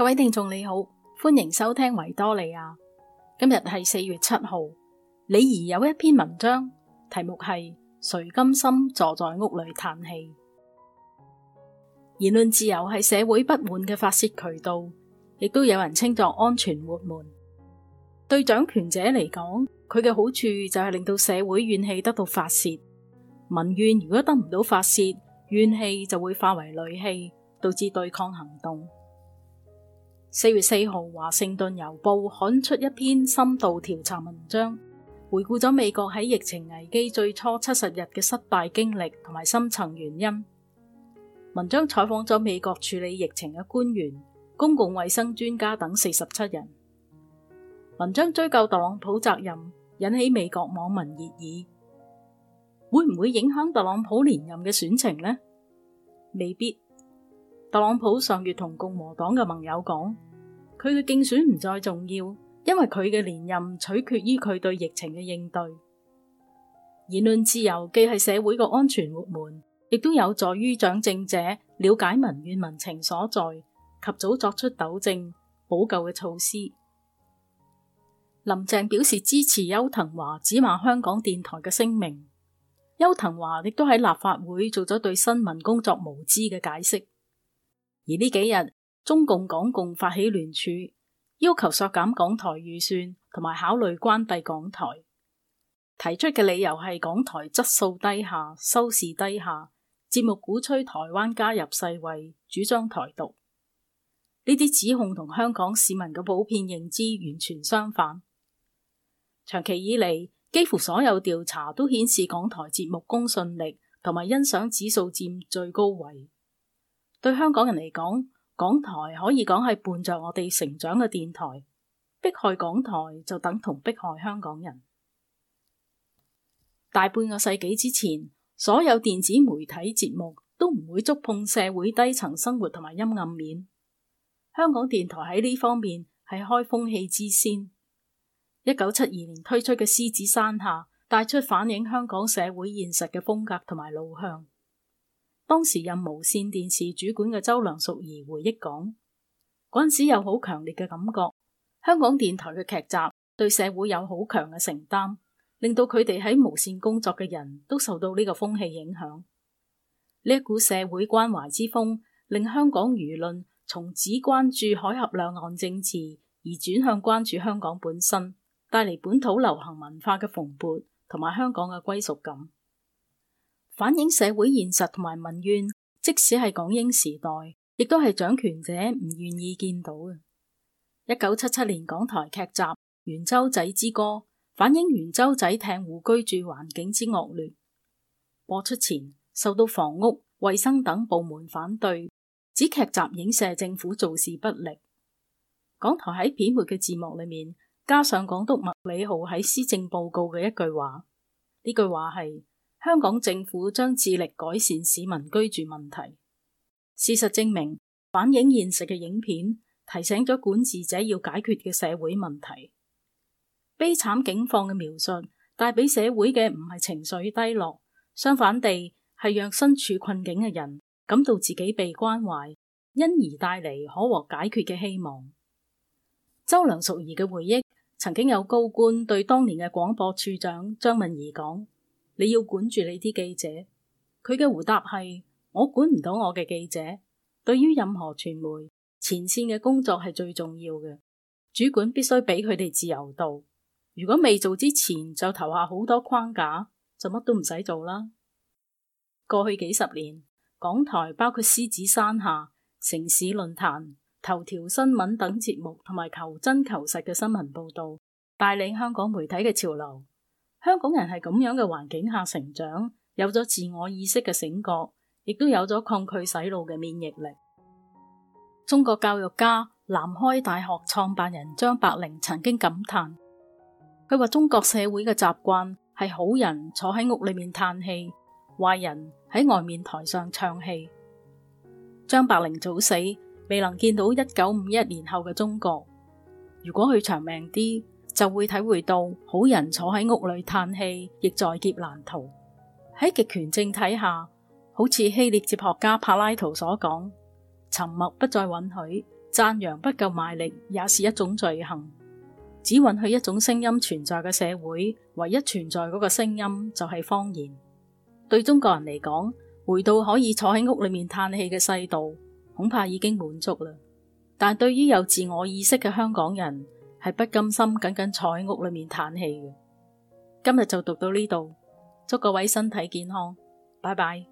各位聽眾你好，歡迎收聽維多利亞。今日係四月七號，李怡有一篇文章，題目係《誰甘心坐在屋裏嘆氣》。言論自由係社會不滿嘅發泄渠道，亦都有人稱作安全活門。對掌權者嚟講，佢嘅好處就係令到社會怨氣得到發泄。民怨如果得唔到發泄，怨氣就會化為戾氣，導致對抗行動。四月四號，華盛頓郵報刊出一篇深度調查文章，回顧咗美國喺疫情危機最初七十日嘅失敗經歷同埋深層原因。文章採訪咗美國處理疫情嘅官員、公共衛生專家等四十七人。文章追究特朗普責任，引起美國網民熱議。會唔會影響特朗普連任嘅選情呢？未必。特朗普上月同共和黨嘅盟友講，佢嘅競選唔再重要，因為佢嘅連任取決於佢對疫情嘅應對。言論自由既係社會嘅安全活門，亦都有助於掌政者了解民怨民情所在，及早作出糾正補救嘅措施。林鄭表示支持邱騰華指罵香港電台嘅聲明。邱騰華亦都喺立法會做咗對新聞工作無知嘅解釋。而呢幾日，中共港共發起聯署，要求削減港台預算，同埋考慮關閉港台。提出嘅理由係港台質素低下、收視低下、節目鼓吹台灣加入世衛、主張台獨。呢啲指控同香港市民嘅普遍認知完全相反。長期以嚟，幾乎所有調查都顯示港台節目公信力同埋欣賞指數佔最高位。對香港人嚟講，港台可以講係伴着我哋成長嘅電台。迫害港台就等同迫害香港人。大半個世紀之前，所有電子媒體節目都唔會觸碰社會低層生活同埋陰暗面。香港電台喺呢方面係開風氣之先。一九七二年推出嘅《獅子山下》，帶出反映香港社會現實嘅風格同埋路向。當時任無線電視主管嘅周梁淑怡回憶講：嗰陣時有好強烈嘅感覺，香港電台嘅劇集對社會有好強嘅承擔，令到佢哋喺無線工作嘅人都受到呢個風氣影響。呢一股社會關懷之風，令香港輿論從只關注海峽兩岸政治，而轉向關注香港本身，帶嚟本土流行文化嘅蓬勃同埋香港嘅歸屬感。反映社會現實同埋民怨，即使係港英時代，亦都係掌權者唔願意見到嘅。一九七七年，港台劇集《圓洲仔之歌》反映圓洲仔艇戶居住環境之惡劣，播出前受到房屋、衛生等部門反對，指劇集影射政府做事不力。港台喺片末嘅字幕裏面加上港督麥理浩喺施政報告嘅一句話，呢句話係。香港政府將致力改善市民居住問題。事實證明，反映現實嘅影片提醒咗管治者要解決嘅社會問題。悲慘境況嘅描述帶俾社會嘅唔係情緒低落，相反地係讓身處困境嘅人感到自己被關懷，因而帶嚟可獲解決嘅希望。周梁淑儀嘅回憶，曾經有高官對當年嘅廣播處長張敏儀講，你要管住你啲記者，佢嘅回答係：我管唔到我嘅記者。對於任何傳媒，前綫嘅工作係最重要嘅，主管必須俾佢哋自由度。如果未做之前就投下好多框架，就乜都唔使做啦。過去幾十年，港台包括獅子山下、城市論壇、頭條新聞等節目，同埋求真求實嘅新聞報道，帶領香港媒體嘅潮流。香港人喺咁樣嘅環境下成長，有咗自我意識嘅醒覺，亦都有咗抗拒洗腦嘅免疫力。中國教育家南開大學創辦人張伯苓曾經感嘆，佢話中國社會嘅習慣係好人坐喺屋裏面嘆氣，壞人喺外面台上唱戲。張伯苓早死，未能見到一九五一年後嘅中國。如果佢長命啲，就會體會到好人坐喺屋裏嘆氣亦在劫難逃。喺極權政體下，好似希臘哲學家柏拉圖所講，沉默不再允許，讚揚不夠賣力也是一種罪行。只允許一種聲音存在嘅社會，唯一存在嗰個聲音就係謊言。對中國人嚟講，回到可以坐喺屋裏面嘆氣嘅世道，恐怕已經滿足啦。但對於有自我意識嘅香港人，係不甘心，僅僅坐喺屋裏面嘆氣嘅。今日就讀到呢度，祝各位身體健康，拜拜。